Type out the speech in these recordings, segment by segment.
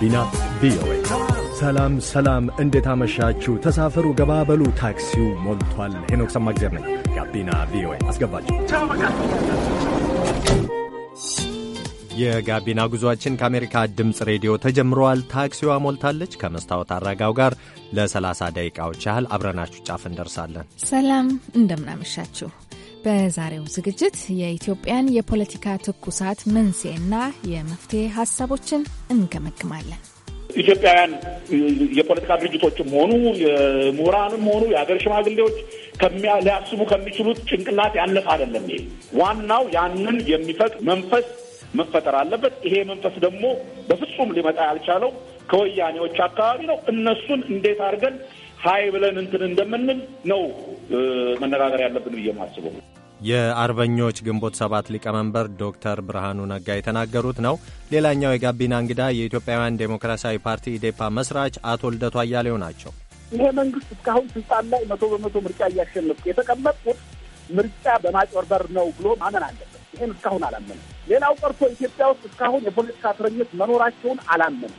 ጋቢና ቪኦኤ። ሰላም ሰላም፣ እንዴት አመሻችሁ? ተሳፈሩ፣ ገባበሉ፣ ታክሲው ሞልቷል። ሄኖክ ሰማግዜር ነኝ። ጋቢና ቪኦኤ አስገባችሁ። የጋቢና ጉዟችን ከአሜሪካ ድምፅ ሬዲዮ ተጀምረዋል። ታክሲዋ ሞልታለች። ከመስታወት አረጋው ጋር ለ30 ደቂቃዎች ያህል አብረናችሁ ጫፍ እንደርሳለን። ሰላም፣ እንደምናመሻችሁ በዛሬው ዝግጅት የኢትዮጵያን የፖለቲካ ትኩሳት መንስኤና የመፍትሄ ሀሳቦችን እንገመግማለን። ኢትዮጵያውያን የፖለቲካ ድርጅቶችም ሆኑ የምሁራንም ሆኑ የሀገር ሽማግሌዎች ሊያስቡ ከሚችሉት ጭንቅላት ያነሰ አይደለም። ይሄ ዋናው ያንን የሚፈቅ መንፈስ መፈጠር አለበት። ይሄ መንፈስ ደግሞ በፍጹም ሊመጣ ያልቻለው ከወያኔዎች አካባቢ ነው። እነሱን እንዴት አድርገን ሀይ ብለን እንትን እንደምንል ነው መነጋገር ያለብን ብዬ ማስበው። የአርበኞች ግንቦት ሰባት ሊቀመንበር ዶክተር ብርሃኑ ነጋ የተናገሩት ነው። ሌላኛው የጋቢና እንግዳ የኢትዮጵያውያን ዴሞክራሲያዊ ፓርቲ ኢዴፓ መስራች አቶ ልደቱ አያሌው ናቸው። ይሄ መንግስት እስካሁን ስልጣን ላይ መቶ በመቶ ምርጫ እያሸነፍኩ የተቀመጥኩት ምርጫ በማጭበርበር ነው ብሎ ማመን አለበት። ይህን እስካሁን አላመንም። ሌላው ቀርቶ ኢትዮጵያ ውስጥ እስካሁን የፖለቲካ እስረኞች መኖራቸውን አላመንም።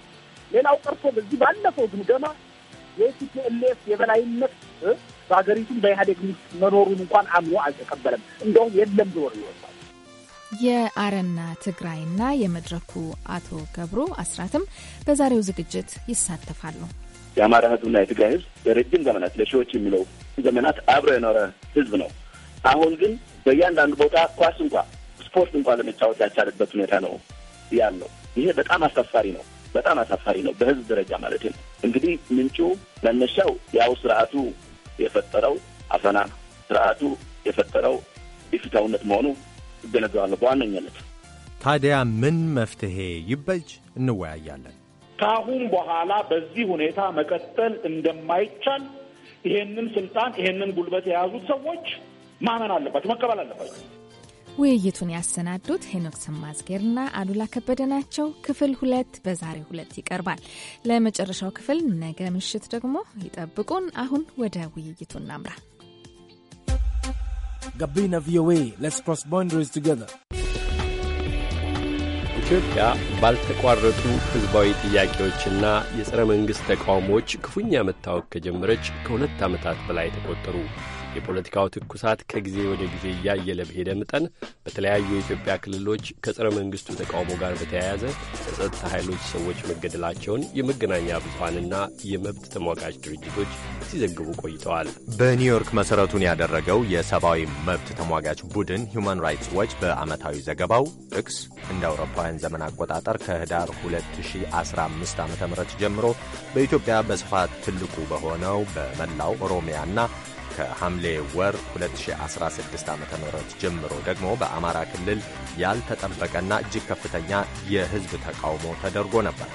ሌላው ቀርቶ በዚህ ባለፈው ግምገማ የቲፒኤልኤፍ የበላይነት በሀገሪቱም በኢህአዴግ ውስጥ መኖሩን እንኳን አምኖ አልተቀበለም። እንደውም የለም ብሎ የአረና ትግራይና የመድረኩ አቶ ገብሩ አስራትም በዛሬው ዝግጅት ይሳተፋሉ። የአማራ ህዝብና የትግራይ ህዝብ በረጅም ዘመናት ለሺዎች የሚለው ዘመናት አብሮ የኖረ ህዝብ ነው። አሁን ግን በእያንዳንዱ ቦታ ኳስ እንኳ ስፖርት እንኳ ለመጫወት ያቻለበት ሁኔታ ነው ያለው። ይሄ በጣም አሳፋሪ ነው። በጣም አሳፋሪ ነው፣ በህዝብ ደረጃ ማለት ነው። እንግዲህ ምንጩ መነሻው ያው ስርዓቱ የፈጠረው አፈና ስርዓቱ የፈጠረው ኢፍትሐዊነት መሆኑ እገነዘባለሁ በዋነኛነት። ታዲያ ምን መፍትሄ ይበጅ እንወያያለን። ከአሁን በኋላ በዚህ ሁኔታ መቀጠል እንደማይቻል ይሄንን ስልጣን ይሄንን ጉልበት የያዙት ሰዎች ማመን አለባቸው፣ መቀበል አለባቸው። ውይይቱን ያሰናዱት ሄኖክ ሰማዝጌርና አሉላ ከበደ ናቸው። ክፍል ሁለት በዛሬ ሁለት ይቀርባል። ለመጨረሻው ክፍል ነገ ምሽት ደግሞ ይጠብቁን። አሁን ወደ ውይይቱ እናምራ። ጋቢና ቪኦኤ ሌትስ ክሮስ ቦንደሪስ ቱጌዘር ኢትዮጵያ ባልተቋረጡ ሕዝባዊ ጥያቄዎችና የጸረ መንግሥት ተቃውሞዎች ክፉኛ መታወቅ ከጀመረች ከሁለት ዓመታት በላይ ተቆጠሩ። የፖለቲካው ትኩሳት ከጊዜ ወደ ጊዜ እያየለ በሄደ መጠን በተለያዩ የኢትዮጵያ ክልሎች ከጸረ መንግስቱ ተቃውሞ ጋር በተያያዘ ከጸጥታ ኃይሎች ሰዎች መገደላቸውን የመገናኛ ብዙሀንና የመብት ተሟጋች ድርጅቶች ሲዘግቡ ቆይተዋል። በኒውዮርክ መሠረቱን ያደረገው የሰብአዊ መብት ተሟጋች ቡድን ሁማን ራይትስ ዋች በዓመታዊ ዘገባው ጥቅስ እንደ አውሮፓውያን ዘመን አቆጣጠር ከህዳር 2015 ዓ ም ጀምሮ በኢትዮጵያ በስፋት ትልቁ በሆነው በመላው ኦሮሚያና ከሐምሌ ወር 2016 ዓ ም ጀምሮ ደግሞ በአማራ ክልል ያልተጠበቀና እጅግ ከፍተኛ የህዝብ ተቃውሞ ተደርጎ ነበር።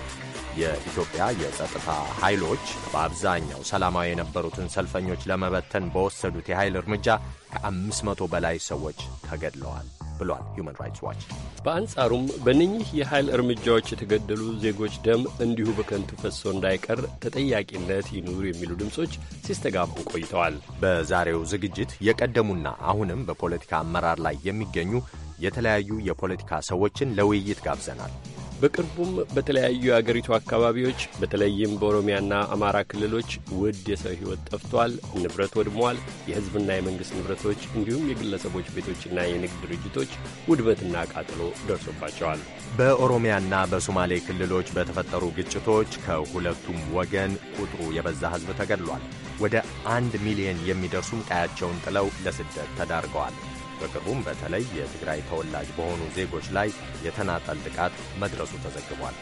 የኢትዮጵያ የጸጥታ ኃይሎች በአብዛኛው ሰላማዊ የነበሩትን ሰልፈኞች ለመበተን በወሰዱት የኃይል እርምጃ ከ500 በላይ ሰዎች ተገድለዋል። ብሏል ሁማን ራይትስ ዋች። በአንጻሩም በእነኚህ የኃይል እርምጃዎች የተገደሉ ዜጎች ደም እንዲሁ በከንቱ ፈሶ እንዳይቀር ተጠያቂነት ይኑር የሚሉ ድምጾች ሲስተጋቡ ቆይተዋል። በዛሬው ዝግጅት የቀደሙና አሁንም በፖለቲካ አመራር ላይ የሚገኙ የተለያዩ የፖለቲካ ሰዎችን ለውይይት ጋብዘናል። በቅርቡም በተለያዩ የአገሪቱ አካባቢዎች በተለይም በኦሮሚያና አማራ ክልሎች ውድ የሰው ሕይወት ጠፍቷል፣ ንብረት ወድሟል፣ የሕዝብና የመንግሥት ንብረቶች እንዲሁም የግለሰቦች ቤቶችና የንግድ ድርጅቶች ውድመትና ቃጥሎ ደርሶባቸዋል። በኦሮሚያና በሶማሌ ክልሎች በተፈጠሩ ግጭቶች ከሁለቱም ወገን ቁጥሩ የበዛ ሕዝብ ተገድሏል። ወደ አንድ ሚሊዮን የሚደርሱም ቀያቸውን ጥለው ለስደት ተዳርገዋል። በቅርቡም በተለይ የትግራይ ተወላጅ በሆኑ ዜጎች ላይ የተናጠል ጥቃት መድረሱ ተዘግቧል።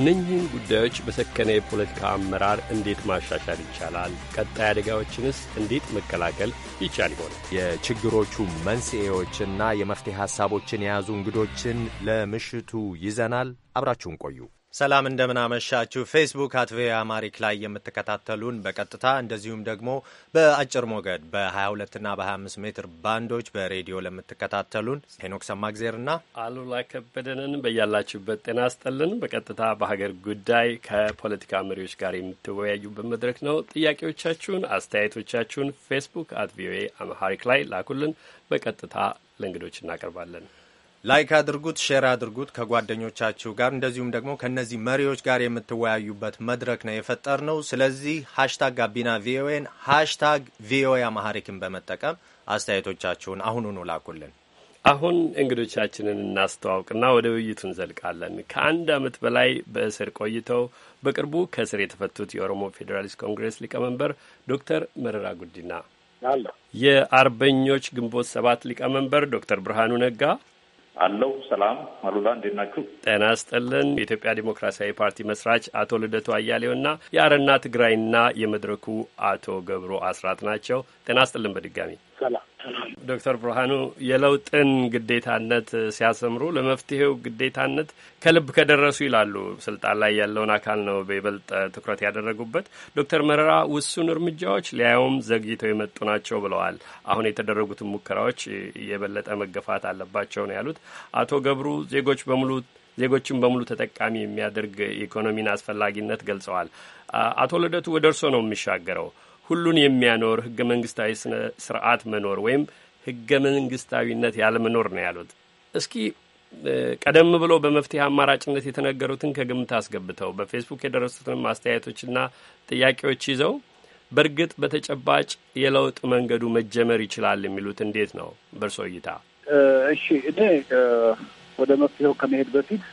እነኚህን ጉዳዮች በሰከነ የፖለቲካ አመራር እንዴት ማሻሻል ይቻላል? ቀጣይ አደጋዎችንስ እንዴት መከላከል ይቻል ይሆን? የችግሮቹ መንስኤዎችና የመፍትሄ ሀሳቦችን የያዙ እንግዶችን ለምሽቱ ይዘናል። አብራችሁን ቆዩ። ሰላም እንደምናመሻችሁ። ፌስቡክ አት ቪኦኤ አማሪክ ላይ የምትከታተሉን በቀጥታ እንደዚሁም ደግሞ በአጭር ሞገድ በ22ና በ25 ሜትር ባንዶች በሬዲዮ ለምትከታተሉን ሄኖክ ሰማግዜርና አሉላ ከበደንን በያላችሁበት ጤና ስጠልን። በቀጥታ በሀገር ጉዳይ ከፖለቲካ መሪዎች ጋር የምትወያዩበት መድረክ ነው። ጥያቄዎቻችሁን፣ አስተያየቶቻችሁን ፌስቡክ አት ቪኦኤ አማሪክ ላይ ላኩልን። በቀጥታ ለእንግዶች እናቀርባለን። ላይክ አድርጉት፣ ሼር አድርጉት ከጓደኞቻችሁ ጋር እንደዚሁም ደግሞ ከእነዚህ መሪዎች ጋር የምትወያዩበት መድረክ ነው የፈጠር ነው። ስለዚህ ሀሽታግ ጋቢና ቪኦኤን ሀሽታግ ቪኦኤ አማሐሪክን በመጠቀም አስተያየቶቻችሁን አሁኑኑ ላኩልን። አሁን እንግዶቻችንን እናስተዋውቅና ወደ ውይይቱ እንዘልቃለን። ከአንድ ዓመት በላይ በእስር ቆይተው በቅርቡ ከእስር የተፈቱት የኦሮሞ ፌዴራሊስት ኮንግሬስ ሊቀመንበር ዶክተር መረራ ጉዲና፣ የአርበኞች ግንቦት ሰባት ሊቀመንበር ዶክተር ብርሃኑ ነጋ አለው ሰላም አሉላ እንዴት ናችሁ? ጤና ይስጥልን። የኢትዮጵያ ዴሞክራሲያዊ ፓርቲ መስራች አቶ ልደቱ አያሌውና የአረና ትግራይና የመድረኩ አቶ ገብሩ አስራት ናቸው። ጤና ይስጥልን በድጋሚ ሰላም ዶክተር ብርሃኑ የለውጥን ግዴታነት ሲያሰምሩ ለመፍትሄው ግዴታነት ከልብ ከደረሱ ይላሉ። ስልጣን ላይ ያለውን አካል ነው በይበልጥ ትኩረት ያደረጉበት። ዶክተር መረራ ውሱን እርምጃዎች ሊያውም ዘግይተው የመጡ ናቸው ብለዋል። አሁን የተደረጉትን ሙከራዎች የበለጠ መገፋት አለባቸው ነው ያሉት። አቶ ገብሩ ዜጎች በሙሉ ዜጎችን በሙሉ ተጠቃሚ የሚያደርግ ኢኮኖሚን አስፈላጊነት ገልጸዋል። አቶ ልደቱ ወደ እርሶ ነው የሚሻገረው። ሁሉን የሚያኖር ህገ መንግስታዊ ስርዓት መኖር ወይም ህገ መንግስታዊነት ያለመኖር ነው ያሉት። እስኪ ቀደም ብሎ በመፍትሄ አማራጭነት የተነገሩትን ከግምት አስገብተው በፌስቡክ የደረሱትንም አስተያየቶችና ጥያቄዎች ይዘው በእርግጥ በተጨባጭ የለውጥ መንገዱ መጀመር ይችላል የሚሉት እንዴት ነው በእርሶ እይታ? እሺ እኔ ወደ መፍትሄው ከመሄድ በፊት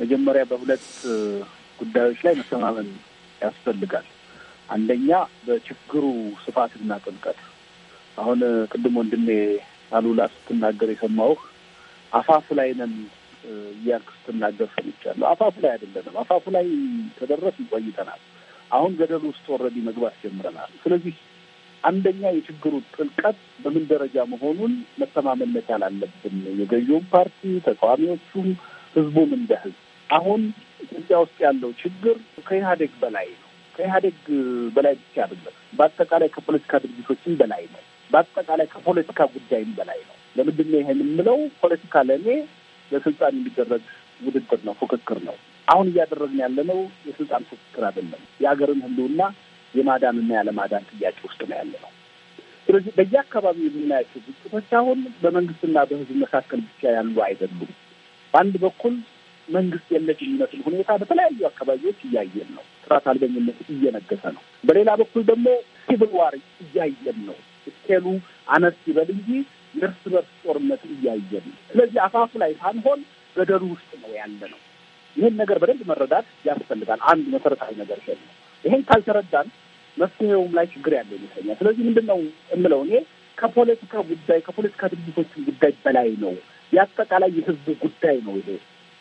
መጀመሪያ በሁለት ጉዳዮች ላይ መተማመን ያስፈልጋል። አንደኛ በችግሩ ስፋትና ጥልቀት አሁን ቅድም ወንድሜ አሉላ ስትናገር የሰማሁህ አፋፍ ላይ ነን እያልክ ስትናገር ሰምቻለሁ። አፋፉ ላይ አይደለንም። አፋፉ ላይ ተደረስ ይቆይተናል። አሁን ገደሉ ውስጥ ወረዲ መግባት ጀምረናል። ስለዚህ አንደኛ የችግሩ ጥልቀት በምን ደረጃ መሆኑን መተማመን መቻል አለብን። የገዢውም ፓርቲ ተቃዋሚዎቹም፣ ህዝቡም እንደ ህዝብ አሁን ኢትዮጵያ ውስጥ ያለው ችግር ከኢህአዴግ በላይ ነው። ከኢህአዴግ በላይ ብቻ አይደለም። በአጠቃላይ ከፖለቲካ ድርጅቶችም በላይ ነው። በአጠቃላይ ከፖለቲካ ጉዳይም በላይ ነው። ለምንድን ነው ይሄ የምንለው? ፖለቲካ ለእኔ ለስልጣን የሚደረግ ውድድር ነው፣ ፉክክር ነው። አሁን እያደረግን ያለነው የስልጣን ፉክክር አይደለም። የሀገርን ህልውና የማዳንና ያለማዳን ጥያቄ ውስጥ ነው ያለ ነው። ስለዚህ በየአካባቢው የምናያቸው ግጭቶች አሁን በመንግስትና በህዝብ መካከል ብቻ ያሉ አይደሉም። በአንድ በኩል መንግስት የለሽ የሚመስል ሁኔታ በተለያዩ አካባቢዎች እያየን ነው። ስርዓት አልበኝነት እየነገሰ ነው። በሌላ በኩል ደግሞ ሲቪል ዋር እያየን ነው። ስኬሉ አነስ ይበል እንጂ የእርስ በርስ ጦርነት እያየን ነው። ስለዚህ አፋፉ ላይ ሳንሆን በደሩ ውስጥ ነው ያለ ነው። ይህን ነገር በደንብ መረዳት ያስፈልጋል። አንድ መሰረታዊ ነገር ነው። ይህን ካልተረዳን መፍትሄውም ላይ ችግር ያለ ይመስለኛል። ስለዚህ ምንድን ነው የምለው እኔ ከፖለቲካ ጉዳይ ከፖለቲካ ድርጅቶችን ጉዳይ በላይ ነው። የአጠቃላይ የህዝብ ጉዳይ ነው ይሄ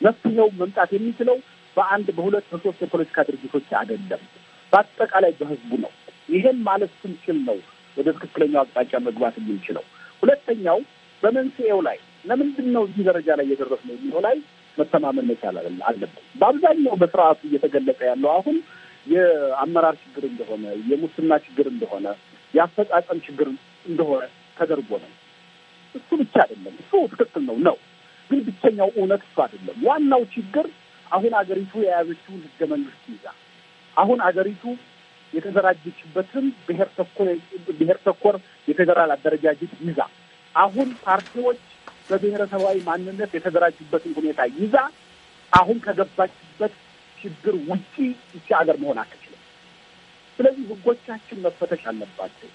መፍትሄው መምጣት የሚችለው በአንድ በሁለት በሶስት የፖለቲካ ድርጅቶች አይደለም፣ በአጠቃላይ በህዝቡ ነው። ይሄን ማለት ስንችል ነው ወደ ትክክለኛው አቅጣጫ መግባት የምንችለው። ሁለተኛው በመንስኤው ላይ ለምንድን ነው እዚህ ደረጃ ላይ ነው የሚለው ላይ መተማመን መቻል አለብን። በአብዛኛው በስርዓቱ እየተገለጸ ያለው አሁን የአመራር ችግር እንደሆነ፣ የሙስና ችግር እንደሆነ፣ የአፈጻጸም ችግር እንደሆነ ተደርጎ ነው። እሱ ብቻ አይደለም። እሱ ትክክል ነው ነው ሁለተኛው እውነት እሱ አይደለም። ዋናው ችግር አሁን አገሪቱ የያዘችውን ህገ መንግስት ይዛ አሁን አገሪቱ የተደራጀችበትን ብሔር ተኮር ብሔር ተኮር የፌዴራል አደረጃጀት ይዛ አሁን ፓርቲዎች በብሔረሰባዊ ማንነት የተደራጁበትን ሁኔታ ይዛ አሁን ከገባችበት ችግር ውጪ ይቺ ሀገር መሆን አትችልም። ስለዚህ ህጎቻችን መፈተሽ አለባቸው።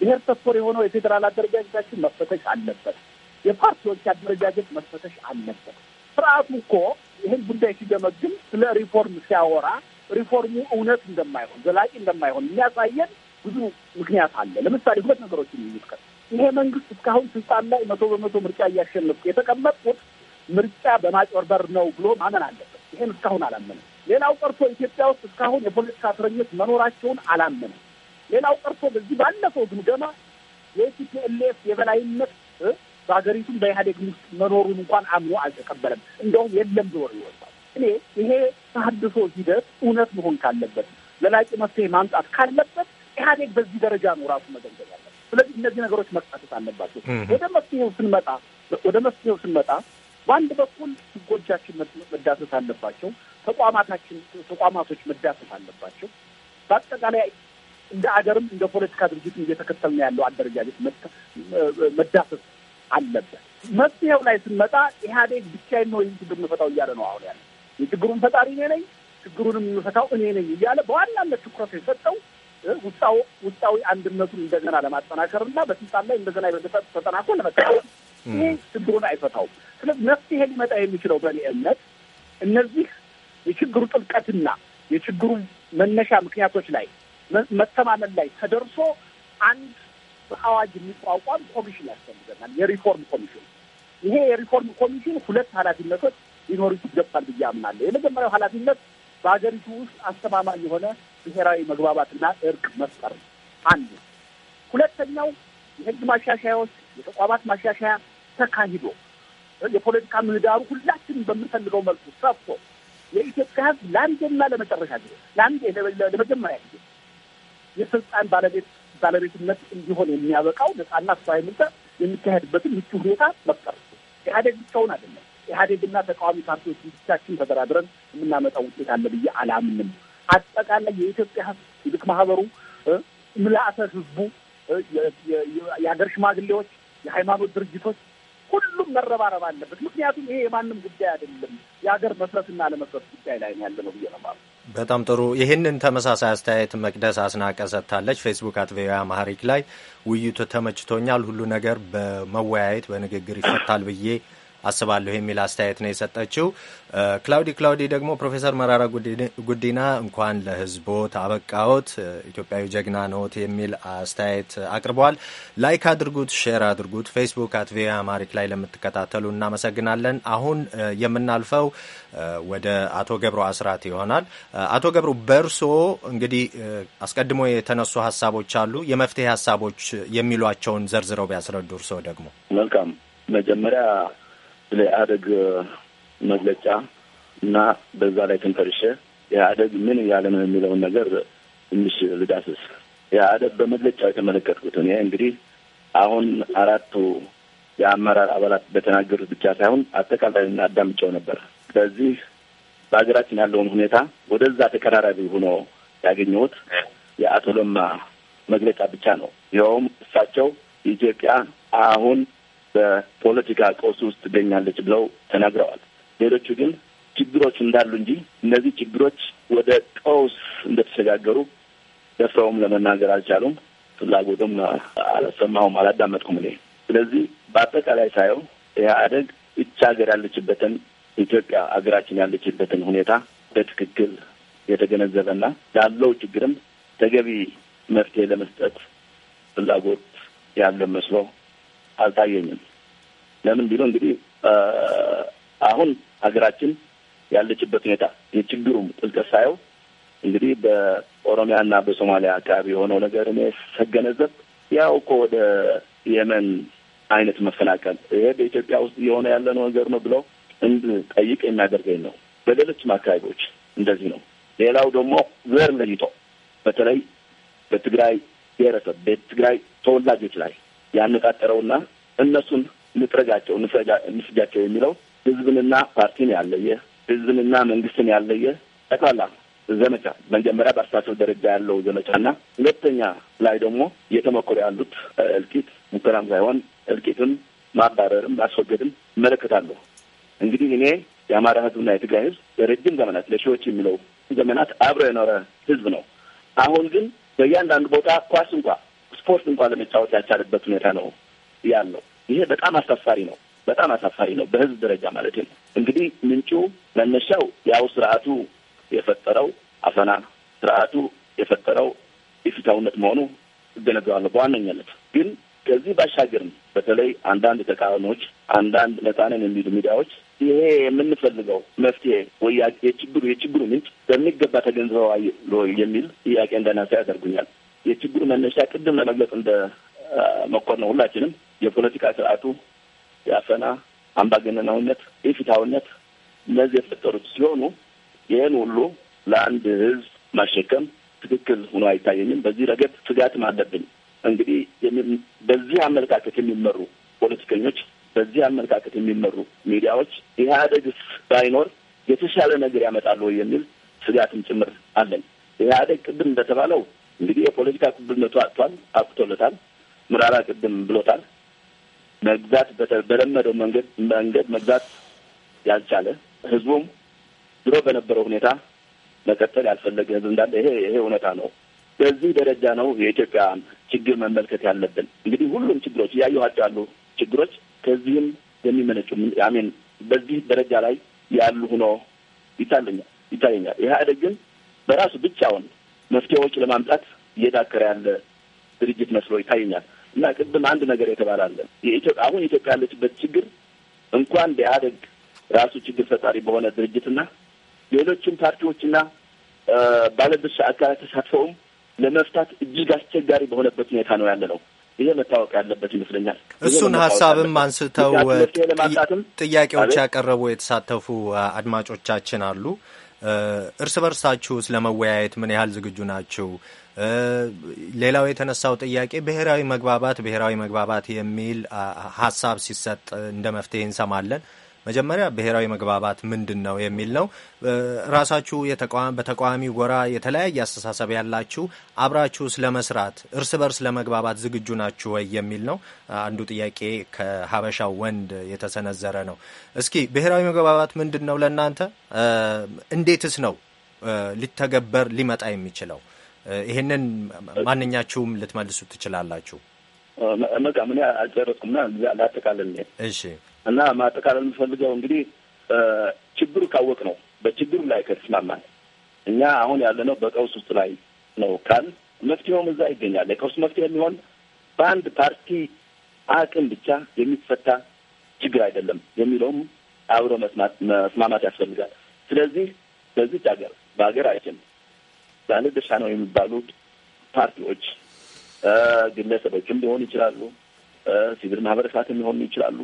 ብሔር ተኮር የሆነው የፌዴራል አደረጃጀታችን መፈተሽ አለበት። የፓርቲዎች አደረጃጀት መፈተሽ አለበት። ስርዓቱ እኮ ይህን ጉዳይ ሲገመግም ስለ ሪፎርም ሲያወራ ሪፎርሙ እውነት እንደማይሆን ዘላቂ እንደማይሆን የሚያሳየን ብዙ ምክንያት አለ። ለምሳሌ ሁለት ነገሮችን የሚጥቀስ ይሄ መንግስት እስካሁን ስልጣን ላይ መቶ በመቶ ምርጫ እያሸነፍኩ የተቀመጥኩት ምርጫ በማጭበርበር ነው ብሎ ማመን አለበት። ይሄን እስካሁን አላመንም። ሌላው ቀርቶ ኢትዮጵያ ውስጥ እስካሁን የፖለቲካ እስረኞች መኖራቸውን አላመንም። ሌላው ቀርቶ በዚህ ባለፈው ግምገማ የቲፒኤልኤፍ የበላይነት በሀገሪቱም በኢህአዴግ ውስጥ መኖሩን እንኳን አምኖ አልተቀበለም። እንደውም የለም ዘወር ይወጣል። እኔ ይሄ ተሀድሶ ሂደት እውነት መሆን ካለበት ለላቂ መፍትሄ ማምጣት ካለበት ኢህአዴግ በዚህ ደረጃ ነው ራሱ መገንዘብ ያለበት። ስለዚህ እነዚህ ነገሮች መካተት አለባቸው። ወደ መፍትሄው ስንመጣ ወደ መፍትሄው ስንመጣ በአንድ በኩል ህጎቻችን መዳሰስ አለባቸው። ተቋማታችን ተቋማቶች መዳሰስ አለባቸው። በአጠቃላይ እንደ አገርም እንደ ፖለቲካ ድርጅት እየተከተልን ያለው አደረጃጀት መዳሰስ አለበት። መፍትሄው ላይ ስንመጣ ኢህአዴግ ብቻዬን ነው ይህን ችግር የምፈታው እያለ ነው አሁን ያለ። የችግሩን ፈጣሪ እኔ ነኝ፣ ችግሩንም የምፈታው እኔ ነኝ እያለ በዋናነት ትኩረት የሰጠው ውጣው ውጣዊ አንድነቱን እንደገና ለማጠናከር እና በስልጣን ላይ እንደገና የበለጠ ተጠናክሮ ለመቀጠል ይሄ ችግሩን አይፈታውም። ስለዚህ መፍትሄ ሊመጣ የሚችለው በእኔ እምነት እነዚህ የችግሩ ጥልቀትና የችግሩ መነሻ ምክንያቶች ላይ መተማመን ላይ ተደርሶ አንድ አዋጅ የሚቋቋም ኮሚሽን ያስፈልገናል፣ የሪፎርም ኮሚሽን። ይሄ የሪፎርም ኮሚሽን ሁለት ኃላፊነቶች ሊኖሩት ይገባል ብዬ አምናለሁ። የመጀመሪያው ኃላፊነት በሀገሪቱ ውስጥ አስተማማኝ የሆነ ብሔራዊ መግባባትና እርቅ መፍጠር አንዱ። ሁለተኛው የህግ ማሻሻያዎች፣ የተቋማት ማሻሻያ ተካሂዶ የፖለቲካ ምህዳሩ ሁላችንም በምንፈልገው መልኩ ሰብቶ የኢትዮጵያ ህዝብ ለአንዴና ለመጨረሻ ጊዜ ለአንዴ ለመጀመሪያ ጊዜ የስልጣን ባለቤት ባለቤትነት እንዲሆን የሚያበቃው ነጻና አስተዋይ ምርጫ የሚካሄድበትን ምቹ ሁኔታ መፍጠር። ኢህአዴግ ብቻውን አይደለም። ኢህአዴግና ተቃዋሚ ፓርቲዎች ብቻችን ተደራድረን የምናመጣው ውጤት አለ ብዬ አላምንም። አጠቃላይ የኢትዮጵያ ሕዝብ ሲቪክ ማህበሩ፣ ምልአተ ሕዝቡ፣ የአገር ሽማግሌዎች፣ የሃይማኖት ድርጅቶች ሁሉም መረባረብ አለበት። ምክንያቱም ይሄ የማንም ጉዳይ አይደለም፣ የሀገር መስረትና ለመስረት ጉዳይ ላይ ያለ ነው ብዬ ነው በጣም ጥሩ። ይህንን ተመሳሳይ አስተያየት መቅደስ አስናቀ ሰጥታለች። ፌስቡክ አት ቪኦኤ አማሪክ ላይ ውይይቱ ተመችቶኛል፣ ሁሉ ነገር በመወያየት በንግግር ይፈታል ብዬ አስባለሁ የሚል አስተያየት ነው የሰጠችው። ክላውዲ ክላውዲ ደግሞ ፕሮፌሰር መራራ ጉዲና እንኳን ለሕዝቦት አበቃዎት ኢትዮጵያዊ ጀግና ነዎት የሚል አስተያየት አቅርበዋል። ላይክ አድርጉት፣ ሼር አድርጉት። ፌስቡክ አት ቪኦኤ አማሪክ ላይ ለምትከታተሉ እናመሰግናለን። አሁን የምናልፈው ወደ አቶ ገብሩ አስራት ይሆናል። አቶ ገብሩ በእርሶ እንግዲህ አስቀድሞ የተነሱ ሀሳቦች አሉ የመፍትሄ ሀሳቦች የሚሏቸውን ዘርዝረው ቢያስረዱ እርሶ ደግሞ መልካም መጀመሪያ ስለ ኢህአደግ መግለጫ እና በዛ ላይ ተንተርሼ ኢህአደግ ምን እያለ ነው የሚለውን ነገር ትንሽ ልዳስስ። ኢህአደግ በመግለጫው የተመለከትኩትን ይሄ እንግዲህ አሁን አራቱ የአመራር አባላት በተናገሩት ብቻ ሳይሆን አጠቃላይ አዳምጨው ነበር። ስለዚህ በሀገራችን ያለውን ሁኔታ ወደዛ ተቀራራቢ ሆኖ ያገኘሁት የአቶ ለማ መግለጫ ብቻ ነው። ይኸውም እሳቸው ኢትዮጵያ አሁን በፖለቲካ ቀውስ ውስጥ ትገኛለች ብለው ተናግረዋል። ሌሎቹ ግን ችግሮች እንዳሉ እንጂ እነዚህ ችግሮች ወደ ቀውስ እንደተሸጋገሩ ደፍረውም ለመናገር አልቻሉም። ፍላጎቱም አላሰማሁም፣ አላዳመጥኩም እኔ። ስለዚህ በአጠቃላይ ሳየው ኢህአዴግ እች ሀገር ያለችበትን ኢትዮጵያ ሀገራችን ያለችበትን ሁኔታ በትክክል የተገነዘበና ላለው ችግርም ተገቢ መፍትሄ ለመስጠት ፍላጎት ያለው መስሎ አልታየኝም። ለምን ቢሎ እንግዲህ አሁን ሀገራችን ያለችበት ሁኔታ የችግሩም ጥልቀት ሳየው እንግዲህ በኦሮሚያ በሶማሊያ አካባቢ የሆነው ነገር እኔ ስገነዘብ ያው እኮ ወደ የመን አይነት መፈናቀል ይሄ በኢትዮጵያ ውስጥ እየሆነ ያለ ነው ነገር ነው ብለው እንድጠይቅ የሚያደርገኝ ነው። በሌሎችም አካባቢዎች እንደዚህ ነው። ሌላው ደግሞ ዘር ለይቶ በተለይ በትግራይ ብሔረሰብ በትግራይ ተወላጆች ላይ ያነጣጠረውና እነሱን ንጥረጃቸው ንስጃቸው የሚለው ህዝብንና ፓርቲን ያለየ ህዝብንና መንግስትን ያለየ ጠቅላላ ዘመቻ መጀመሪያ በእርሳቸው ደረጃ ያለው ዘመቻና ሁለተኛ ላይ ደግሞ እየተሞከሩ ያሉት እልቂት ሙከራም ሳይሆን እልቂትን ማባረርም ማስወገድም እመለከታለሁ። እንግዲህ እኔ የአማራ ህዝብና የትግራይ ህዝብ ለረጅም ዘመናት ለሺዎች የሚለው ዘመናት አብሮ የኖረ ህዝብ ነው። አሁን ግን በእያንዳንዱ ቦታ ኳስ እንኳ ስፖርት እንኳን ለመጫወት ያልቻለበት ሁኔታ ነው ያለው። ይሄ በጣም አሳፋሪ ነው፣ በጣም አሳፋሪ ነው፣ በህዝብ ደረጃ ማለት ነው። እንግዲህ ምንጩ መነሻው ያው ስርዓቱ የፈጠረው አፈና ስርዓቱ የፈጠረው የፊታውነት መሆኑ እገነዘባለሁ በዋነኛነት ግን ከዚህ ባሻገርም በተለይ አንዳንድ ተቃዋሚዎች፣ አንዳንድ ነፃ ነን የሚሉ ሚዲያዎች ይሄ የምንፈልገው መፍትሄ ወይ የችግሩ የችግሩ ምንጭ በሚገባ ተገንዝበዋል የሚል ጥያቄ እንደናሳ ያደርጉኛል። የችግሩ መነሻ ቅድም ለመግለጽ እንደ መኮር ነው። ሁላችንም የፖለቲካ ስርዓቱ የአፈና አምባገነናዊነት፣ የፍትሐዊነት እነዚህ የፈጠሩት ሲሆኑ ይህን ሁሉ ለአንድ ህዝብ ማሸከም ትክክል ሆኖ አይታየኝም። በዚህ ረገድ ስጋትም አለብኝ። እንግዲህ በዚህ አመለካከት የሚመሩ ፖለቲከኞች፣ በዚህ አመለካከት የሚመሩ ሚዲያዎች ኢህአዴግስ ባይኖር የተሻለ ነገር ያመጣሉ የሚል ስጋትም ጭምር አለኝ። ኢህአዴግ ቅድም እንደተባለው እንግዲህ የፖለቲካ ቅብልነቱ አጥቷል፣ አብቅቶለታል። ምራራ ቅድም ብሎታል። መግዛት በለመደው መንገድ መንገድ መግዛት ያልቻለ ህዝቡም ድሮ በነበረው ሁኔታ መቀጠል ያልፈለገ ህዝብ እንዳለ ይሄ ይሄ እውነታ ነው። በዚህ ደረጃ ነው የኢትዮጵያ ችግር መመልከት ያለብን። እንግዲህ ሁሉም ችግሮች እያየኋቸው ያሉ ችግሮች ከዚህም የሚመነጩ አሜን በዚህ ደረጃ ላይ ያሉ ሆኖ ይታለኛል ይታየኛል። ኢህአዴግ ግን በራሱ ብቻውን መፍትሄዎች ለማምጣት እየዳከረ ያለ ድርጅት መስሎ ይታየኛል። እና ቅድም አንድ ነገር የተባላለ የኢትዮጵያ አሁን ኢትዮጵያ ያለችበት ችግር እንኳን በኢህአደግ ራሱ ችግር ፈጣሪ በሆነ ድርጅትና ሌሎችም ፓርቲዎችና ባለድርሻ አካላት ተሳትፈውም ለመፍታት እጅግ አስቸጋሪ በሆነበት ሁኔታ ነው ያለ ነው። ይሄ መታወቅ ያለበት ይመስለኛል። እሱን ሀሳብም አንስተው ጥያቄዎች ያቀረቡ የተሳተፉ አድማጮቻችን አሉ። እርስ በርሳችሁ ስለመወያየት ምን ያህል ዝግጁ ናችሁ? ሌላው የተነሳው ጥያቄ ብሔራዊ መግባባት ብሔራዊ መግባባት የሚል ሀሳብ ሲሰጥ እንደ መፍትሄ እንሰማለን። መጀመሪያ ብሔራዊ መግባባት ምንድን ነው የሚል ነው። ራሳችሁ በተቃዋሚ ጎራ የተለያየ አስተሳሰብ ያላችሁ አብራችሁ ስለመስራት እርስ በርስ ለመግባባት ዝግጁ ናችሁ ወይ የሚል ነው። አንዱ ጥያቄ ከሀበሻው ወንድ የተሰነዘረ ነው። እስኪ ብሔራዊ መግባባት ምንድን ነው ለእናንተ? እንዴትስ ነው ሊተገበር ሊመጣ የሚችለው? ይህንን ማንኛችሁም ልትመልሱ ትችላላችሁ። መቃ ምን አልጨረስኩም ላጠቃልል። እሺ እና ማጠቃለል የምፈልገው እንግዲህ ችግሩ ካወቅ ነው በችግሩ ላይ ከተስማማን እኛ አሁን ያለነው በቀውስ ውስጥ ላይ ነው ካል መፍትሄውም እዛ ይገኛል። የቀውስ መፍትሄ የሚሆን በአንድ ፓርቲ አቅም ብቻ የሚፈታ ችግር አይደለም የሚለውም አብሮ መስማማት ያስፈልጋል። ስለዚህ በዚች ሀገር በሀገራችን ባለ ድርሻ ነው የሚባሉት ፓርቲዎች፣ ግለሰቦችም ሊሆኑ ይችላሉ፣ ሲቪል ማህበረሰባትም ሊሆኑ ይችላሉ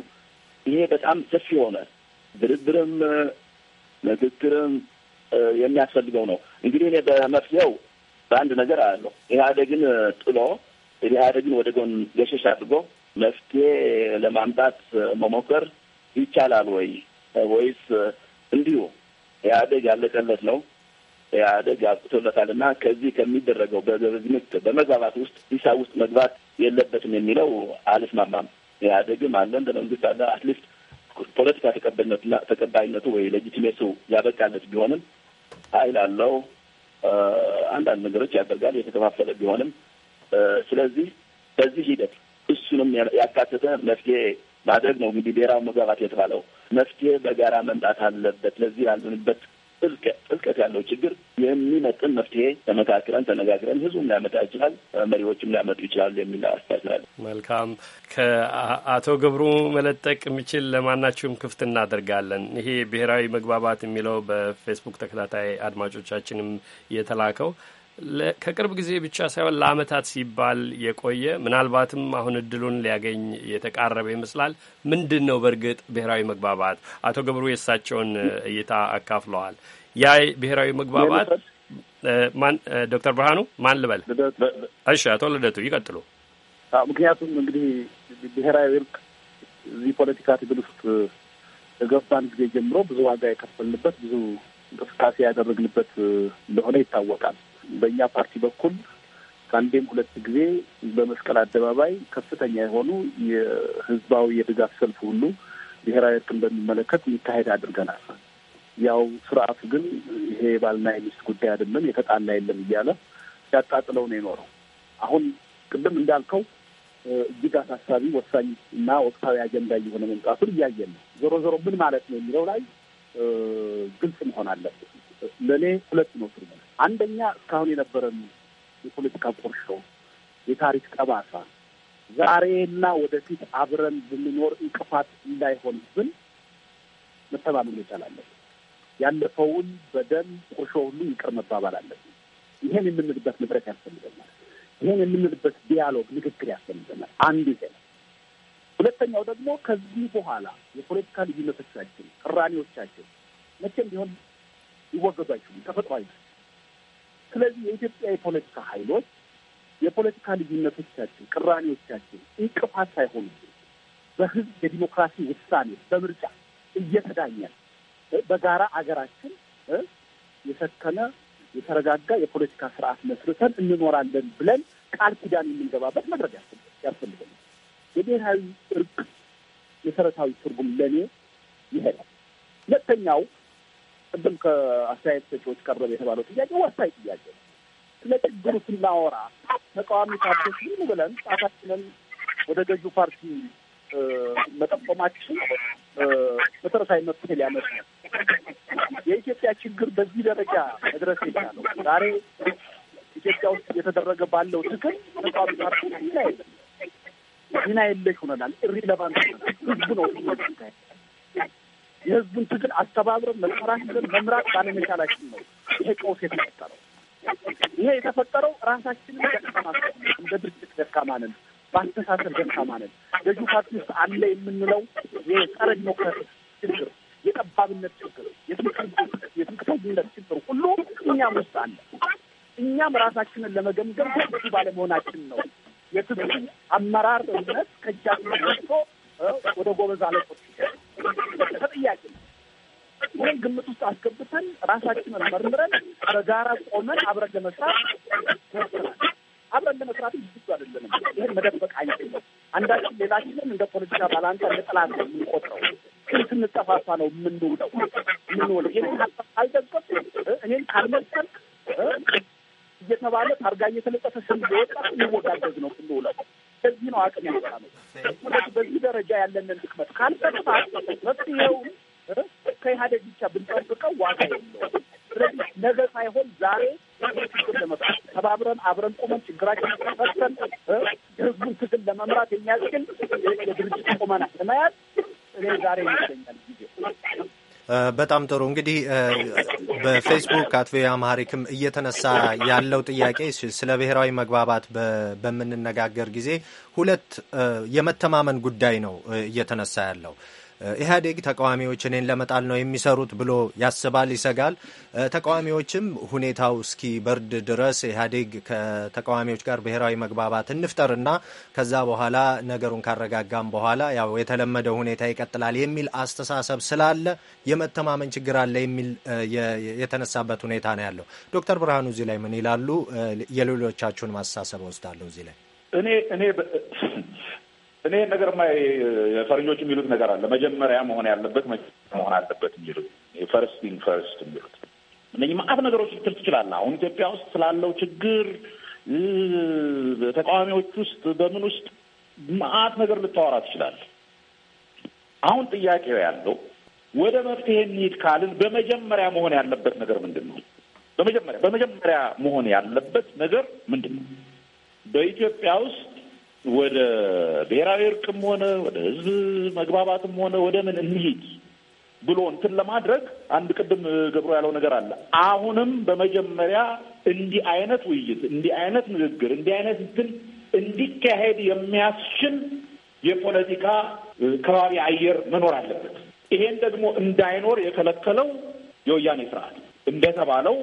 ይሄ በጣም ሰፊ የሆነ ድርድርም ንግግርም የሚያስፈልገው ነው። እንግዲህ እኔ በመፍትሄው በአንድ ነገር አያለሁ። ኢህአዴግን ጥሎ ኢህአዴግን ወደ ጎን ገሸሽ አድርጎ መፍትሄ ለማምጣት መሞከር ይቻላል ወይ? ወይስ እንዲሁ ኢህአዴግ ያለቀለት ነው ኢህአዴግ አብቅቶለታል እና ከዚህ ከሚደረገው በዝምት በመግባባት ውስጥ ሂሳብ ውስጥ መግባት የለበትም የሚለው አልስማማም። ኢህአዴግም አለ እንደ መንግስት አለ አትሊስት ፖለቲካ ተቀባይነቱና ተቀባይነቱ ወይ ሌጂቲሜቱ ያበቃለት ቢሆንም ሀይል አለው። አንዳንድ ነገሮች ያደርጋል። የተከፋፈለ ቢሆንም ስለዚህ በዚህ ሂደት እሱንም ያካተተ መፍትሄ ማድረግ ነው እንግዲህ ብሔራዊ መግባባት የተባለው መፍትሄ በጋራ መምጣት አለበት። ለዚህ ያልንበት ጥልቀት ጥልቀት ያለው ችግር የሚመጥን መፍትሄ ተመካክረን ተነጋግረን ህዝቡም ሊያመጣ ይችላል፣ መሪዎችም ሊያመጡ ይችላሉ የሚል አስተያየት መልካም። ከአቶ ገብሩ መለጠቅ የሚችል ለማናችሁም ክፍት እናደርጋለን። ይሄ ብሔራዊ መግባባት የሚለው በፌስቡክ ተከታታይ አድማጮቻችንም የተላከው ከቅርብ ጊዜ ብቻ ሳይሆን ለአመታት ሲባል የቆየ ምናልባትም አሁን እድሉን ሊያገኝ የተቃረበ ይመስላል። ምንድን ነው በእርግጥ ብሔራዊ መግባባት? አቶ ገብሩ የእሳቸውን እይታ አካፍለዋል። ያ ብሔራዊ መግባባት ማን ዶክተር ብርሃኑ ማን ልበል? እሺ አቶ ልደቱ ይቀጥሉ። ምክንያቱም እንግዲህ ብሔራዊ እርቅ እዚህ ፖለቲካ ትግል ውስጥ የገባን ጊዜ ጀምሮ ብዙ ዋጋ የከፈልንበት ብዙ እንቅስቃሴ ያደረግንበት እንደሆነ ይታወቃል። በእኛ ፓርቲ በኩል ከአንዴም ሁለት ጊዜ በመስቀል አደባባይ ከፍተኛ የሆኑ የህዝባዊ የድጋፍ ሰልፍ ሁሉ ብሔራዊ እርቅን በሚመለከት ይካሄድ አድርገናል። ያው ስርዓቱ ግን ይሄ የባልና የሚስት ጉዳይ አይደለም የተጣላ የለም እያለ ሲያጣጥለው ነው የኖረው። አሁን ቅድም እንዳልከው እጅግ አሳሳቢ ወሳኝ እና ወቅታዊ አጀንዳ እየሆነ መምጣቱን እያየን ነው። ዞሮ ዞሮ ምን ማለት ነው የሚለው ላይ ግልጽ መሆን አለበት። ለእኔ ሁለት ነው ትርጉሙ አንደኛ እስካሁን የነበረን የፖለቲካ ቁርሾ፣ የታሪክ ጠባሳ ዛሬና ወደፊት አብረን ብንኖር እንቅፋት እንዳይሆንብን መተማመን ይቻላለን። ያለፈውን በደል ቁርሾ ሁሉ ይቅር መባባል አለብን። ይሄን የምንልበት መድረክ ያስፈልገናል። ይሄን የምንልበት ዲያሎግ ንግግር ያስፈልገናል። አንዱ ይሄ ነው። ሁለተኛው ደግሞ ከዚህ በኋላ የፖለቲካ ልዩነቶቻችን፣ ቅራኔዎቻችን መቼም ቢሆን ሊወገዱ አይችሉም። ተፈጥሮ አይነት ስለዚህ የኢትዮጵያ የፖለቲካ ኃይሎች የፖለቲካ ልዩነቶቻችን፣ ቅራኔዎቻችን እንቅፋት ሳይሆኑ በህዝብ የዲሞክራሲ ውሳኔ በምርጫ እየተዳኘ በጋራ አገራችን የሰከነ የተረጋጋ የፖለቲካ ስርዓት መስርተን እንኖራለን ብለን ቃል ኪዳን የምንገባበት መድረግ ያስፈልገል። የብሔራዊ እርቅ መሰረታዊ ትርጉም ለእኔ ይሄዳል። ሁለተኛው ቅድም ከአስተያየት ሰጪዎች ቀረበ የተባለው ጥያቄ ወሳኝ ጥያቄ ነው። ስለ ችግሩ ስናወራ ተቃዋሚ ፓርቲዎች ምን ብለን ጣታችንን ወደ ገዢው ፓርቲ መጠቆማችን መሰረታዊ መፍትሄ ሊያመጣ የኢትዮጵያ ችግር በዚህ ደረጃ መድረስ የቻለው ዛሬ ኢትዮጵያ ውስጥ የተደረገ ባለው ትክል ተቃዋሚ ፓርቲዎች ሚና የለም ሚና የለሽ ሆነናል። ኢሪሌቫንት ህዝቡ ነው የህዝቡን ትግል አስተባብረን መሰራችንን መምራት ባለመቻላችን ነው ይሄ ቀውስ የተፈጠረው። ይሄ የተፈጠረው ራሳችንን ደካማ እንደ ድርጅት ደካማ ነን፣ በአስተሳሰብ ደካማ ነን። ገዢ ፓርቲ ውስጥ አለ የምንለው የጸረ ዲሞክራሲ ችግር፣ የጠባብነት ችግር፣ የትምክህተኝነት ችግር ሁሉ እኛም ውስጥ አለ። እኛም ራሳችንን ለመገምገም ህዝቡ ባለመሆናችን ነው የትግል አመራርነት ከእጃችን ወጥቶ ወደ ጎበዝ አለቆች ተጠያቂ ነው። ይህን ግምት ውስጥ አስገብተን ራሳችንን መርምረን በጋራ ቆመን አብረን ለመስራት አብረን ለመስራት ብዙ አይደለንም። ይህን መደበቅ አይችልም። አንዳችን ሌላችንን እንደ ፖለቲካ ባላንጣ እንደ ጠላት ነው የምንቆጥረው። ግን ስንጠፋፋ ነው የምንውለው የምንውለው። ይህን ሀሳብ ካልደገፍ እኔን ካልመጠን እየተባለ ታርጋ እየተለጠፈ ስም ወጣ የሚወጋገዝ ነው የምንውለው። በዚህ ነው አቅም ያበራሉ። እውነት በዚህ ደረጃ ያለንን ድክመት ካልፈታ መፍትሄው ከኢህአዴግ ብቻ ብንጠብቀው ዋጋ የለውም። ስለዚህ ነገ ሳይሆን ዛሬ ችግር ለመፍታት ተባብረን አብረን ቆመን ችግራችን ተፈተን የህዝቡን ትግል ለመምራት የሚያስችል የድርጅት ቁመና ለመያዝ እኔ ዛሬ ይመስለኛል ጊዜ በጣም ጥሩ እንግዲህ በፌስቡክ አቶ አማሪክም እየተነሳ ያለው ጥያቄ ስለ ብሔራዊ መግባባት በምንነጋገር ጊዜ ሁለት የመተማመን ጉዳይ ነው እየተነሳ ያለው ኢህአዴግ ተቃዋሚዎች እኔን ለመጣል ነው የሚሰሩት ብሎ ያስባል፣ ይሰጋል። ተቃዋሚዎችም ሁኔታው እስኪ በርድ ድረስ ኢህአዴግ ከተቃዋሚዎች ጋር ብሔራዊ መግባባት እንፍጠርና ከዛ በኋላ ነገሩን ካረጋጋም በኋላ ያው የተለመደ ሁኔታ ይቀጥላል የሚል አስተሳሰብ ስላለ የመተማመን ችግር አለ የሚል የተነሳበት ሁኔታ ነው ያለው። ዶክተር ብርሃኑ እዚህ ላይ ምን ይላሉ? የሌሎቻችሁን ማስተሳሰብ ወስዳለሁ እዚህ ላይ እኔ እኔ እኔ ነገር ማ የፈረንጆች የሚሉት ነገር አለ። መጀመሪያ መሆን ያለበት መሆን አለበት የሚሉት ፈርስት ኢን ፈርስት የሚሉት እነህ ማአት ነገሮች ልትል ትችላለህ። አሁን ኢትዮጵያ ውስጥ ስላለው ችግር በተቃዋሚዎች ውስጥ በምን ውስጥ ማአት ነገር ልታወራ ትችላለህ። አሁን ጥያቄው ያለው ወደ መፍትሄ እንሂድ ካልን በመጀመሪያ መሆን ያለበት ነገር ምንድን ነው? በመጀመሪያ በመጀመሪያ መሆን ያለበት ነገር ምንድን ነው? በኢትዮጵያ ውስጥ ወደ ብሔራዊ እርቅም ሆነ ወደ ህዝብ መግባባትም ሆነ ወደ ምን እንሂድ ብሎ እንትን ለማድረግ አንድ ቅድም ገብሮ ያለው ነገር አለ። አሁንም በመጀመሪያ እንዲህ አይነት ውይይት፣ እንዲህ አይነት ንግግር፣ እንዲህ አይነት እንትን እንዲካሄድ የሚያስችል የፖለቲካ ከባቢ አየር መኖር አለበት። ይሄን ደግሞ እንዳይኖር የከለከለው የወያኔ ስርዓት እንደተባለው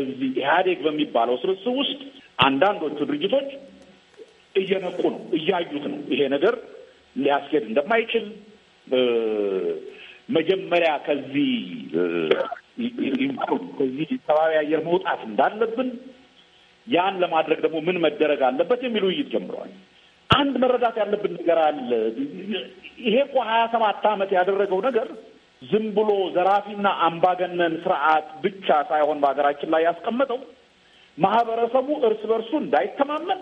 እዚህ ኢህአዴግ በሚባለው ስብስብ ውስጥ አንዳንዶቹ ድርጅቶች እየነቁ ነው፣ እያዩት ነው። ይሄ ነገር ሊያስኬድ እንደማይችል መጀመሪያ ከዚህ ከዚህ ከባቢ አየር መውጣት እንዳለብን ያን ለማድረግ ደግሞ ምን መደረግ አለበት የሚል ውይይት ጀምረዋል። አንድ መረዳት ያለብን ነገር አለ። ይሄ እኮ ሀያ ሰባት ዓመት ያደረገው ነገር ዝም ብሎ ዘራፊና አምባገነን ስርዓት ብቻ ሳይሆን በሀገራችን ላይ ያስቀመጠው ማህበረሰቡ እርስ በርሱ እንዳይተማመን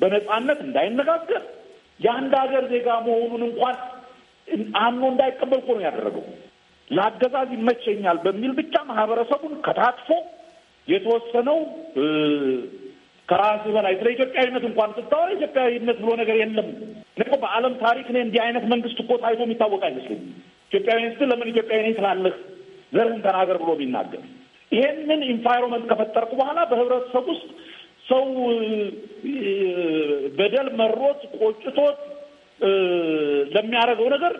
በነጻነት እንዳይነጋገር የአንድ ሀገር ዜጋ መሆኑን እንኳን አምኖ እንዳይቀበል እኮ ነው ያደረገው። ለአገዛዝ ይመቸኛል በሚል ብቻ ማህበረሰቡን ከታትፎ የተወሰነው ከራስ በላይ ስለ ኢትዮጵያዊነት እንኳን ስታወራ ኢትዮጵያዊነት ብሎ ነገር የለም። እኔ እኮ በዓለም ታሪክ እኔ እንዲህ አይነት መንግስት እኮ ታይቶ የሚታወቅ አይመስለኝም። ኢትዮጵያዊነት ግን ለምን ኢትዮጵያዊ ነኝ ስላለህ ዘርህን ተናገር ብሎ ቢናገር ይሄንን ኢንቫይሮመንት ከፈጠርኩ በኋላ በህብረተሰብ ውስጥ ሰው በደል መሮት ቆጭቶት ለሚያደርገው ነገር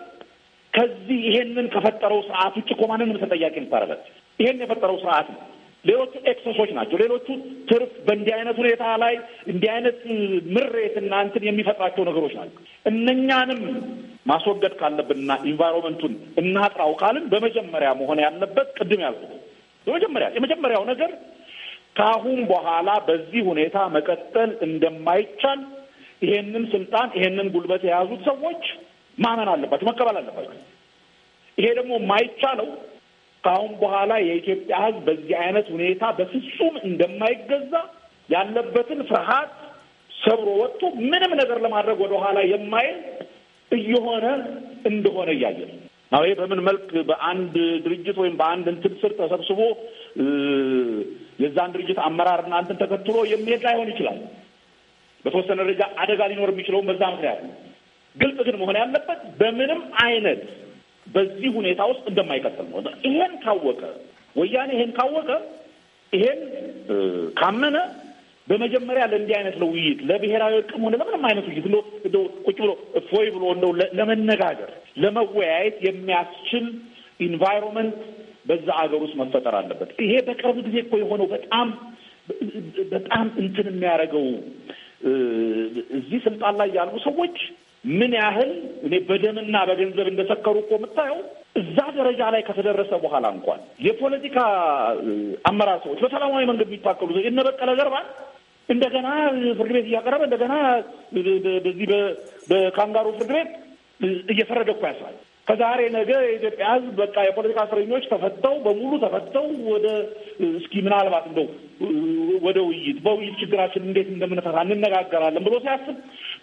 ከዚህ ይሄንን ከፈጠረው ስርዓት ውጭ እኮ ማንንም ተጠያቂ እንታረጋቸው። ይሄን የፈጠረው ስርዓት ነው። ሌሎቹ ኤክሰሶች ናቸው። ሌሎቹ ትርፍ በእንዲህ አይነት ሁኔታ ላይ እንዲህ አይነት ምሬት እና እንትን የሚፈጥራቸው ነገሮች ናቸው። እነኛንም ማስወገድ ካለብንና ኢንቫይሮንመንቱን እናጥራው ካልን በመጀመሪያ መሆን ያለበት ቅድም ያልኩት በመጀመሪያ የመጀመሪያው ነገር ከአሁን በኋላ በዚህ ሁኔታ መቀጠል እንደማይቻል ይሄንን ስልጣን ይሄንን ጉልበት የያዙት ሰዎች ማመን አለባቸው፣ መቀበል አለባቸው። ይሄ ደግሞ የማይቻለው ከአሁን በኋላ የኢትዮጵያ ሕዝብ በዚህ አይነት ሁኔታ በፍጹም እንደማይገዛ ያለበትን ፍርሃት ሰብሮ ወጥቶ ምንም ነገር ለማድረግ ወደኋላ የማይል እየሆነ እንደሆነ እያየ ነው። አሁ ይሄ በምን መልክ በአንድ ድርጅት ወይም በአንድ እንትን ስር ተሰብስቦ የዛን ድርጅት አመራርና አንተን ተከትሎ የሚሄድ ላይሆን ይችላል። በተወሰነ ደረጃ አደጋ ሊኖር የሚችለውን በዛ ምክንያት ነው። ግልጽ ግን መሆን ያለበት በምንም አይነት በዚህ ሁኔታ ውስጥ እንደማይቀጥል ነው። ይሄን ካወቀ ወያኔ ይሄን ካወቀ ይሄን ካመነ በመጀመሪያ ለእንዲህ አይነት ለውይይት ለብሔራዊ እቅም ሆነ ለምንም አይነት ውይይት እንደው ቁጭ ብሎ እፎይ ብሎ እንደው ለመነጋገር ለመወያየት የሚያስችል ኢንቫይሮንመንት በዛ አገር ውስጥ መፈጠር አለበት። ይሄ በቅርብ ጊዜ እኮ የሆነው በጣም በጣም እንትን የሚያደርገው እዚህ ስልጣን ላይ ያሉ ሰዎች ምን ያህል እኔ በደምና በገንዘብ እንደሰከሩ እኮ የምታየው እዛ ደረጃ ላይ ከተደረሰ በኋላ እንኳን የፖለቲካ አመራር ሰዎች በሰላማዊ መንገድ የሚታከሉ ሰ እነ በቀለ እንደገና ፍርድ ቤት እያቀረበ እንደገና በዚህ በካንጋሩ ፍርድ ቤት እየፈረደ እኮ ያስራል። ከዛሬ ነገ የኢትዮጵያ ሕዝብ በቃ የፖለቲካ እስረኞች ተፈተው በሙሉ ተፈተው ወደ እስኪ ምናልባት እንደው ወደ ውይይት በውይይት ችግራችን እንዴት እንደምንፈታ እንነጋገራለን ብሎ ሲያስብ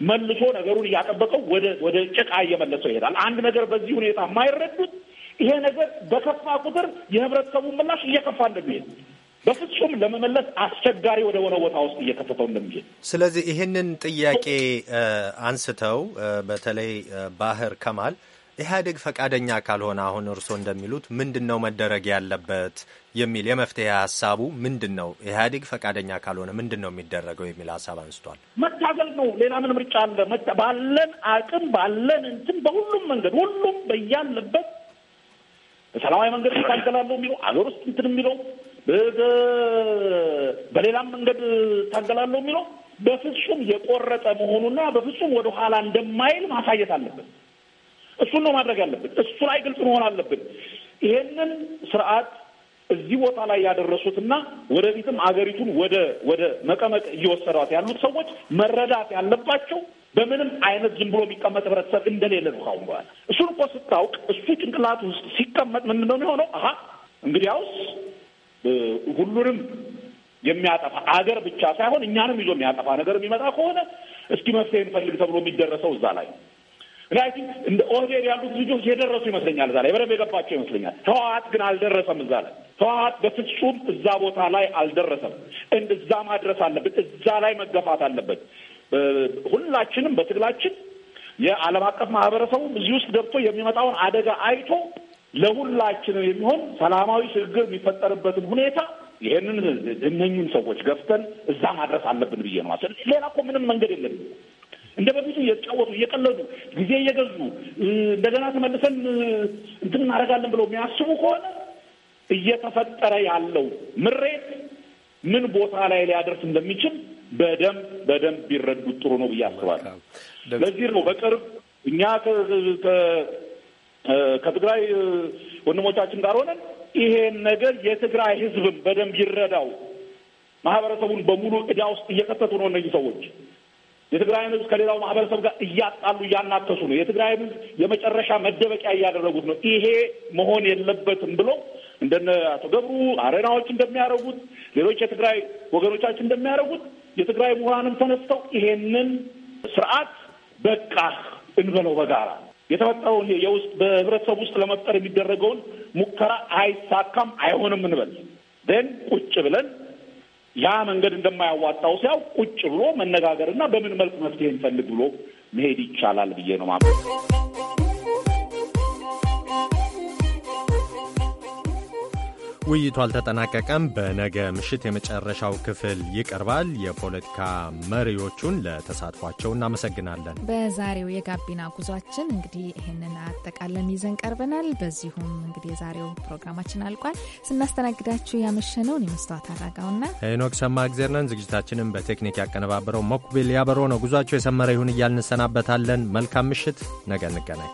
መልሶ ነገሩን እያጠበቀው ወደ ወደ ጭቃ እየመለሰው ይሄዳል። አንድ ነገር በዚህ ሁኔታ የማይረዱት ይሄ ነገር በከፋ ቁጥር የህብረተሰቡን ምላሽ እየከፋ እንደሚሄድ በፍጹም ለመመለስ አስቸጋሪ ወደ ሆነ ቦታ ውስጥ እየከተተው እንደሚሄድ። ስለዚህ ይህንን ጥያቄ አንስተው በተለይ ባህር ከማል ኢህአዴግ ፈቃደኛ ካልሆነ አሁን እርስዎ እንደሚሉት ምንድን ነው መደረግ ያለበት የሚል የመፍትሄ ሀሳቡ ምንድን ነው? ኢህአዴግ ፈቃደኛ ካልሆነ ምንድን ነው የሚደረገው የሚል ሀሳብ አንስቷል። መታገል ነው። ሌላ ምን ምርጫ አለ? ባለን አቅም ባለን እንትን በሁሉም መንገድ ሁሉም በያለበት በሰላማዊ መንገድ እታገላለሁ የሚለው አገር ውስጥ እንትን የሚለው በሌላም መንገድ ታገላለሁ የሚለው በፍጹም የቆረጠ መሆኑና በፍጹም ወደኋላ እንደማይል ማሳየት አለበት። እሱን ነው ማድረግ ያለብን። እሱ ላይ ግልጽ መሆን አለብን። ይሄንን ስርዓት እዚህ ቦታ ላይ ያደረሱትና ወደፊትም አገሪቱን ወደ ወደ መቀመቅ እየወሰዷት ያሉት ሰዎች መረዳት ያለባቸው በምንም አይነት ዝም ብሎ የሚቀመጥ ህብረተሰብ እንደሌለ ነው። ካሁን በኋላ እሱን እኮ ስታውቅ እሱ ጭንቅላት ውስጥ ሲቀመጥ ምንድን ነው የሚሆነው? አሀ እንግዲያውስ ሁሉንም የሚያጠፋ አገር ብቻ ሳይሆን እኛንም ይዞ የሚያጠፋ ነገር የሚመጣ ከሆነ እስኪ መፍትሄ እንፈልግ ተብሎ የሚደረሰው እዛ ላይ ነው። እና አይ ቲንክ እንደ ኦህዴድ ያሉት ልጆች የደረሱ ይመስለኛል እዛ ላይ በደንብ የገባቸው ይመስለኛል። ህወሀት ግን አልደረሰም እዛ ላይ ህወሀት በፍጹም እዛ ቦታ ላይ አልደረሰም። እዛ ማድረስ አለበት። እዛ ላይ መገፋት አለበት። ሁላችንም በትግላችን የዓለም አቀፍ ማህበረሰቡ እዚህ ውስጥ ገብቶ የሚመጣውን አደጋ አይቶ ለሁላችንም የሚሆን ሰላማዊ ችግር የሚፈጠርበትን ሁኔታ ይህንን እነኝን ሰዎች ገፍተን እዛ ማድረስ አለብን ብዬ ነው። ሌላ እኮ ምንም መንገድ የለም። እንደ በፊቱ እየተጫወቱ እየቀለዱ ጊዜ እየገዙ እንደገና ተመልሰን እንትን እናደርጋለን ብለው የሚያስቡ ከሆነ እየተፈጠረ ያለው ምሬት ምን ቦታ ላይ ሊያደርስ እንደሚችል በደንብ በደንብ ቢረዱት ጥሩ ነው ብዬ አስባለሁ። ለዚህ ነው በቅርብ እኛ ከትግራይ ወንድሞቻችን ጋር ሆነን ይሄን ነገር የትግራይ ሕዝብም በደንብ ይረዳው ማህበረሰቡን በሙሉ እዳ ውስጥ እየከተቱ ነው እነዚህ ሰዎች። የትግራይን ህዝብ ከሌላው ማህበረሰብ ጋር እያጣሉ እያናከሱ ነው። የትግራይን ህዝብ የመጨረሻ መደበቂያ እያደረጉት ነው። ይሄ መሆን የለበትም ብሎ እንደነ አቶ ገብሩ አረናዎች እንደሚያደርጉት ሌሎች የትግራይ ወገኖቻችን እንደሚያደርጉት የትግራይ ምሁራንም ተነስተው ይሄንን ስርዓት በቃ እንበለው በጋራ የተፈጠረውን የውስጥ በህብረተሰብ ውስጥ ለመፍጠር የሚደረገውን ሙከራ አይሳካም፣ አይሆንም እንበል ን ቁጭ ብለን ያ መንገድ እንደማያዋጣው ሲያውቅ ቁጭ ብሎ መነጋገርና በምን መልክ መፍትሄ እንፈልግ ብሎ መሄድ ይቻላል ብዬ ነው ማለት ውይይቱ አልተጠናቀቀም። በነገ ምሽት የመጨረሻው ክፍል ይቀርባል። የፖለቲካ መሪዎቹን ለተሳትፏቸው እናመሰግናለን። በዛሬው የጋቢና ጉዟችን እንግዲህ ይህንን አጠቃለን ይዘን ቀርበናል። በዚሁም እንግዲህ የዛሬው ፕሮግራማችን አልቋል። ስናስተናግዳችሁ ያመሸነውን የመስተዋት አራጋውና ሄኖክ ሰማ እግዜር ነን። ዝግጅታችንን በቴክኒክ ያቀነባበረው ሞክቤል ያበሮ ነው። ጉዟቸው የሰመረ ይሁን እያልን እንሰናበታለን። መልካም ምሽት። ነገ እንገናኝ።